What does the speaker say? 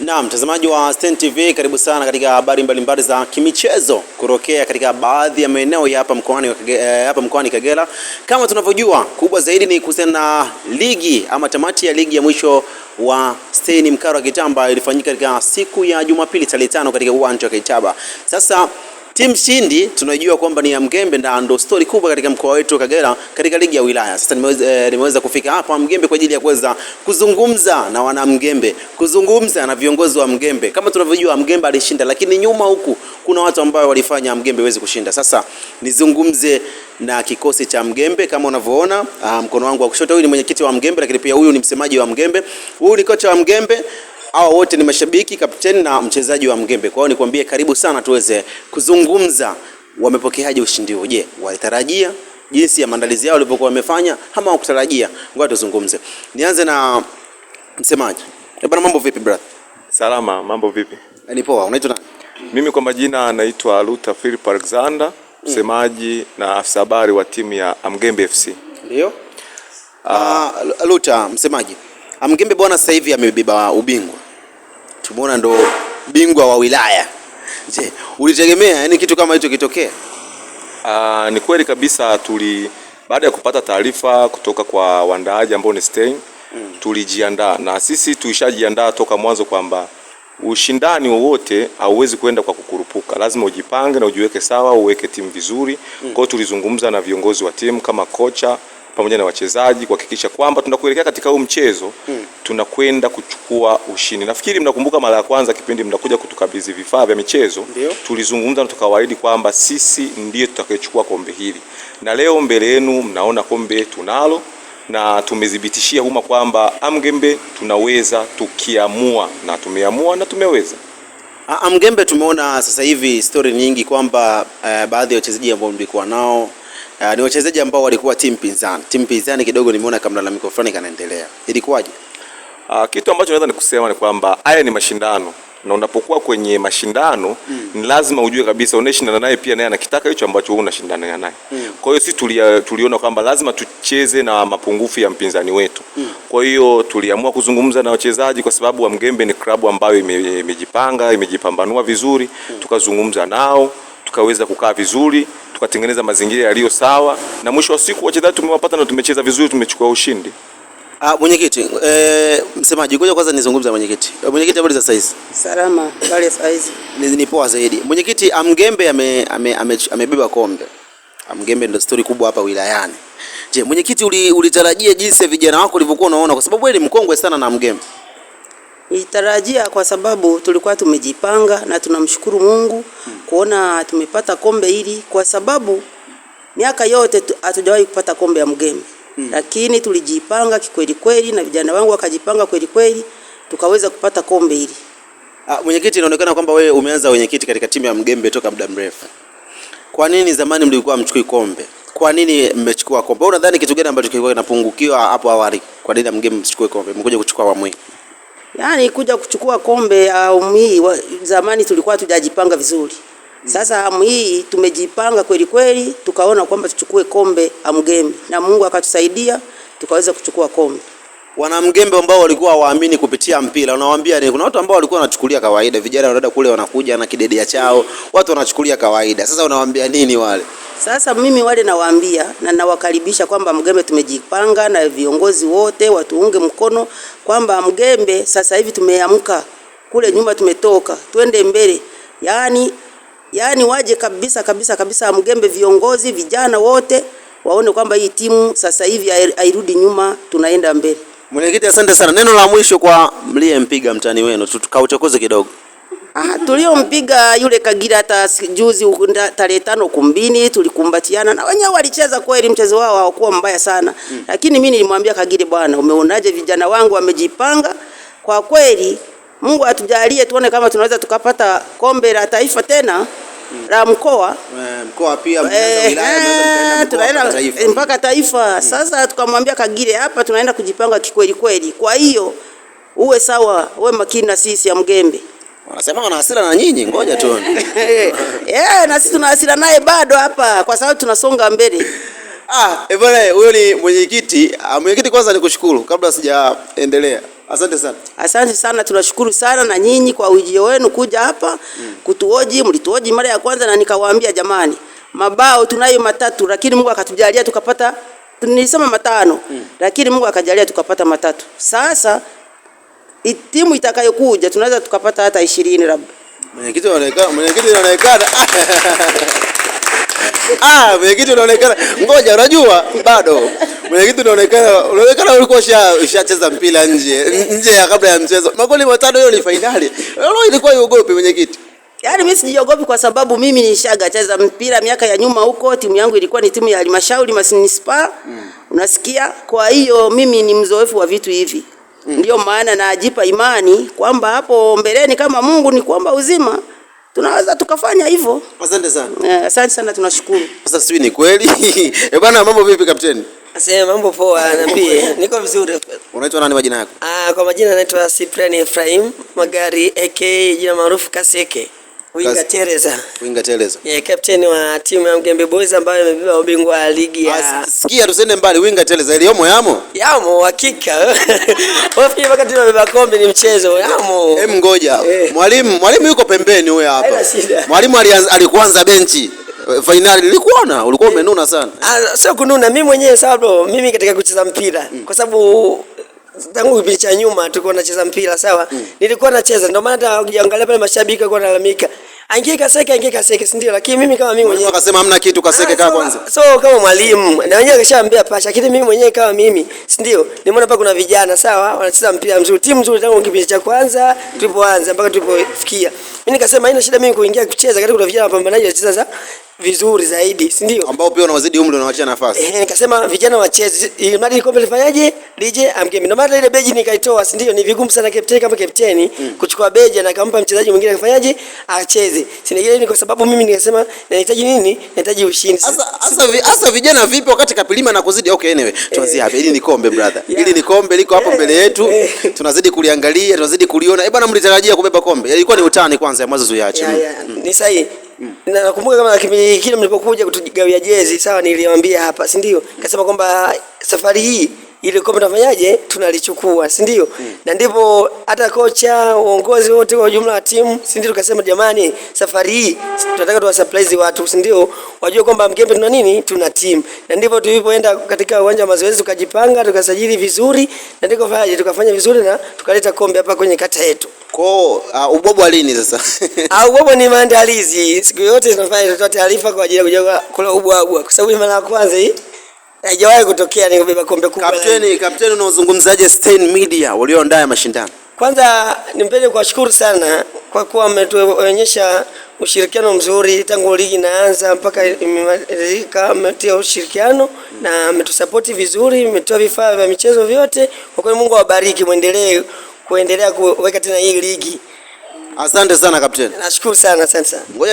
Na mtazamaji wa Stein TV, karibu sana katika habari mbalimbali za kimichezo kutokea katika baadhi ya maeneo ya hapa mkoani eh, hapa mkoani Kagera. Kama tunavyojua, kubwa zaidi ni kuhusiana na ligi ama tamati ya ligi ya mwisho wa Stein Mkaro wa Kitamba ilifanyika katika siku ya Jumapili tarehe tano katika uwanja wa Kitaba. Sasa Timu shindi tunajua kwamba ni ya Mgembe na ndo story kubwa katika mkoa wetu Kagera katika ligi ya wilaya. Sasa nimeweza, eh, nimeweza kufika hapa Mgembe kwa ajili ya kuweza kuzungumza na wana Mgembe, kuzungumza na viongozi wa Mgembe. Kama tunavyojua Mgembe alishinda, lakini nyuma huku kuna watu ambao walifanya Mgembe iweze kushinda. Sasa nizungumze na kikosi cha Mgembe kama unavyoona, ah, mkono wangu wa kushoto, huyu ni mwenyekiti wa Mgembe, lakini pia huyu ni msemaji wa Mgembe, huyu ni kocha wa Mgembe hawa wote ni mashabiki, kapteni na mchezaji wa Mgembe. Kwa hiyo nikwambie karibu sana tuweze kuzungumza, wamepokeaje ushindi huu? Je, walitarajia jinsi ya maandalizi yao walivyokuwa wamefanya ama hawakutarajia? Ngoja tuzungumze. Nianze na msemaji. E bwana, mambo vipi brother? Salama, mambo vipi? Eh, ni poa. Unaitwa nani? Mimi kwa majina anaitwa Luta Philip Alexander, mm. msemaji mm, na afisa habari wa timu ya Amgembe FC. Ndio. Uh, ah. ah, Luta msemaji. Amgembe bwana sasa hivi amebeba ubingwa Tumona ndo bingwa wa wilaya. Je, ulitegemea yani kitu kama hicho kitokea? Uh, ni kweli kabisa tuli baada ya kupata taarifa kutoka kwa waandaaji ambao ni Stein mm. tulijiandaa na sisi tulishajiandaa toka mwanzo kwamba ushindani wowote hauwezi kwenda kwa kukurupuka, lazima ujipange na ujiweke sawa, uweke timu vizuri mm. Kwa tulizungumza na viongozi wa timu kama kocha pamoja na wachezaji kuhakikisha kwamba tunakuelekea katika huu mchezo mm tunakwenda kuchukua ushindi. Nafikiri mnakumbuka mara ya kwanza kipindi mnakuja kutukabidhi vifaa vya michezo, tulizungumza na tukawaahidi kwamba sisi ndiye tutakayechukua kombe hili, na leo mbele yenu mnaona kombe tunalo na tumethibitishia umma kwamba Amgembe tunaweza tukiamua, na tumeamua na tumeweza. Amgembe tumeona sasa hivi stori nyingi kwamba eh, baadhi ya wachezaji ambao mlikuwa nao eh, ni wachezaji ambao walikuwa timu pinzani. Timu pinzani kidogo nimeona kama mlalamiko fulani kanaendelea, ilikuwaje? Uh, kitu ambacho naweza ni kusema ni kwamba haya ni mashindano na unapokuwa kwenye mashindano mm. ni lazima ujue kabisa unayeshindana naye pia naye anakitaka hicho ambacho wewe unashindana naye. Mm. Kwa hiyo sisi tulia, tuliona kwamba lazima tucheze na mapungufu ya mpinzani wetu. Mm. Kwa hiyo tuliamua kuzungumza na wachezaji kwa sababu Wamgembe ni klabu ambayo imejipanga, imejipambanua vizuri. Mm. Tukazungumza nao, tukaweza kukaa vizuri, tukatengeneza mazingira yaliyo sawa na mwisho wa siku wachezaji tumewapata na tumecheza vizuri, tumechukua ushindi. Ah, mwenyekiti, eh, msemaji ngoja kwanza nizungumze na mwenyekiti. Eh, mwenyekiti, habari za saizi? Salama, habari za saizi. Ni poa zaidi. Mwenyekiti, Amgembe amebeba ame, ame, ame kombe. Amgembe ndio stori kubwa hapa wilayani. Je, mwenyekiti, ulitarajia uli jinsi vijana wako walivyokuwa unaona kwa sababu wewe ni mkongwe sana na Amgembe? Nitarajia kwa sababu tulikuwa tumejipanga na tunamshukuru Mungu hmm, kuona tumepata kombe hili kwa sababu miaka yote hatujawahi kupata kombe ya Mgembe mm. Lakini tulijipanga kikweli kweli na vijana wangu wakajipanga kweli kweli tukaweza kupata kombe hili. Ah, mwenyekiti, inaonekana kwamba wewe umeanza wenyekiti katika timu ya Mgembe toka muda mrefu. Kwa nini zamani mlikuwa mchukui kombe? Kwa nini mmechukua kombe? Wewe unadhani kitu gani ambacho kilikuwa kinapungukiwa hapo awali? Kwa nini Mgembe mchukue kombe? Mkuja kuchukua awamu hii. Yaani kuja kuchukua kombe awamu hii, zamani tulikuwa tujajipanga vizuri. Sasa hamu hii tumejipanga kweli kweli, tukaona kwamba tuchukue kombe Amgembe na Mungu akatusaidia tukaweza kuchukua kombe. Wanamgembe ambao walikuwa waamini kupitia mpira, unawaambia ni kuna watu ambao walikuwa wanachukulia kawaida, vijana wanaenda kule wanakuja na kidedea chao, watu wanachukulia kawaida. Sasa unawaambia nini wale? Sasa mimi wale nawaambia na nawakaribisha kwamba Mgembe tumejipanga na viongozi wote watuunge mkono kwamba Mgembe sasa hivi tumeamka, kule nyuma tumetoka, twende mbele, yaani yaani waje kabisa kabisa kabisa, amgembe viongozi vijana wote waone kwamba hii timu sasa hivi hairudi nyuma, tunaenda mbele. Mwenyekiti, asante sana. Neno la mwisho kwa mliyempiga mtani wenu, tukauchokoze kidogo. Ah, tuliompiga yule Kagira hata juzi tarehe tano kumbini tulikumbatiana na wenyewe, walicheza kweli, mchezo wao hawakuwa mbaya sana mm. Lakini mimi nilimwambia Kagira, bwana, umeonaje vijana wangu wamejipanga kwa kweli. Mungu atujalie tuone kama tunaweza tukapata kombe la taifa tena. Mm. la mkoa eh, mkoa pia eh, eh, tunaenda mpaka taifa mm. Sasa tukamwambia Kagire, hapa tunaenda kujipanga kikweli kweli, kwa hiyo uwe sawa, uwe makini na sisi ya Mgembe. Wanasema wana hasira na nyinyi, ngoja tuone. Eh, na sisi tuna hasira naye bado hapa, kwa sababu tunasonga mbele Ah, eh bwana, eh, huyo ni mwenyekiti. Ah, mwenyekiti, kwanza nikushukuru kabla sijaendelea. Asante sana. Asante sana, tunashukuru sana na nyinyi kwa ujio wenu kuja hapa mm, kutuoji. Mlituoji mara ya kwanza na nikawaambia jamani, mabao tunayo matatu, lakini Mungu akatujalia tukapata nilisema matano mm, lakini Mungu akajalia tukapata matatu. Sasa timu itakayokuja tunaweza tukapata hata ishirini labda. Mwenyekiti anaonekana, mwenyekiti anaonekana Ah, mwenyekiti unaonekana, ngoja, unajua bado mwenyekiti unaonekana, unaonekana ulikuwa ushacheza mpira nje nje ya kabla ya mchezo. Magoli matano, hiyo ni fainali. Leo ilikuwa iogopi mwenyekiti? Yaani mimi sijiogopi kwa sababu mimi nishagacheza mpira miaka ya nyuma huko, timu yangu ilikuwa ni timu ya halmashauri masinispa Mm. Unasikia? Kwa hiyo mimi ni mzoefu wa vitu hivi. Mm. Ndio maana najipa imani kwamba hapo mbeleni kama Mungu ni kwamba uzima tunaweza tukafanya hivyo. Asante sana. Eh, asante sana tunashukuru. Sasa sijui ni kweli. Eh, bwana mambo vipi kapteni? Asema mambo poa, niambie. Niko vizuri. Unaitwa nani majina yako? Ah, kwa majina naitwa Cyprian Ephraim Magari aka jina maarufu Kaseke. Winga Teresa. Winga Teresa. Yeah, captain wa timu ya Mgembe Boys ambayo imebeba ubingwa wa ligi ya. Sikia tusende mbali Winga Teresa iliyomo yamo. Yamo hakika. Wafikiri mpaka timu imebeba kombe ni mchezo yamo. Hem, ngoja. Eh. Mwalimu, mwalimu yuko pembeni huyo hapa. Mwalimu alikuanza benchi. Eh, finali nilikuona, ulikuwa umenuna sana. Ah, sio kununa, mimi mwenyewe sababu mimi katika kucheza mpira mm. Kwa sababu tangu kipindi cha nyuma tulikuwa tunacheza mpira sawa, mm. nilikuwa nacheza, ndio maana hata ukiangalia pale mashabiki walikuwa wanalalamika aingie Kaseke, aingie Kaseke, si ndio? Lakini mimi kama mimi mwenyewe akasema hamna kitu Kaseke ah, kaa kwanza. So kama mwalimu na wenyewe akishaambia pasha, lakini mimi mwenyewe kama mimi, si ndio? Nimeona hapa kuna vijana sawa, wanacheza mpira mzuri, timu nzuri tangu kipindi cha kwanza tulipoanza mpaka tulipofikia. Mimi nikasema haina shida mimi kuingia kucheza, kati kuna vijana wapambanaji wanacheza vizuri zaidi, si ndio? Ambao pia unawazidi umri unawaachia nafasi. Eh, nikasema vijana wacheze. Ili mradi kombe lifanyaje? DJ amgame. Ndio maana ile beji nikaitoa, si ndio? Ni vigumu sana captain kama captain mm. kuchukua beji na kampa mchezaji mwingine afanyaje? Acheze. Si ndio? Ni kwa sababu mimi nikasema nahitaji nini? Nahitaji ushindi. Sasa sasa sasa vijana vipi wakati kapilima na kuzidi? Okay, anyway, eh. tuanzie eh. hapa. Hili ni kombe brother. Hili yeah. ni kombe liko hapo mbele eh. yetu. Eh. Tunazidi kuliangalia, tunazidi kuliona. Eh, bwana mlitarajia kubeba kombe. Ilikuwa ni utani kwanza ya mwanzo zuiache. Yeah, yeah. mm. Ni sahihi na nakumbuka kama kipindi kile mlipokuja kutugawia jezi sawa, niliwaambia hapa, si ndio? Kasema kwamba safari hii ile kombe tunafanyaje, tunalichukua, si ndio? mm. na ndipo hata kocha, uongozi wote kwa ujumla wa timu, si ndio, tukasema jamani, safari hii tunataka tuwa surprise watu, si ndio, wajue kwamba Mkembe tuna nini, tuna timu. Na ndipo tulipoenda katika uwanja wa mazoezi, tukajipanga, tukasajili vizuri, na ndipo faje, tukafanya vizuri na tukaleta kombe hapa kwenye kata yetu. Kwa uh, ubobo alini sasa? Ah, ubobo ni maandalizi, siku yote tunafanya, tutoa taarifa kwa ajili ya kujua kula ubwabwa, kwa sababu mara ya kwanza hii haijawahi kutokea nikubeba kombe kubwa. Kapteni, kapteni unaozungumzaje Stein Media walioandaa mashindano? Kwanza nimpende kuwashukuru sana kwa kuwa mmetuonyesha ushirikiano mzuri tangu ligi inaanza mpaka imemalizika, mmetia ushirikiano na mmetusapoti vizuri, mmetoa vifaa vya michezo vyote. Kwa kweli Mungu awabariki, mwendelee kuendelea kuweka tena hii ligi. Asante sana kapteni. Nashukuru sana, asante sana.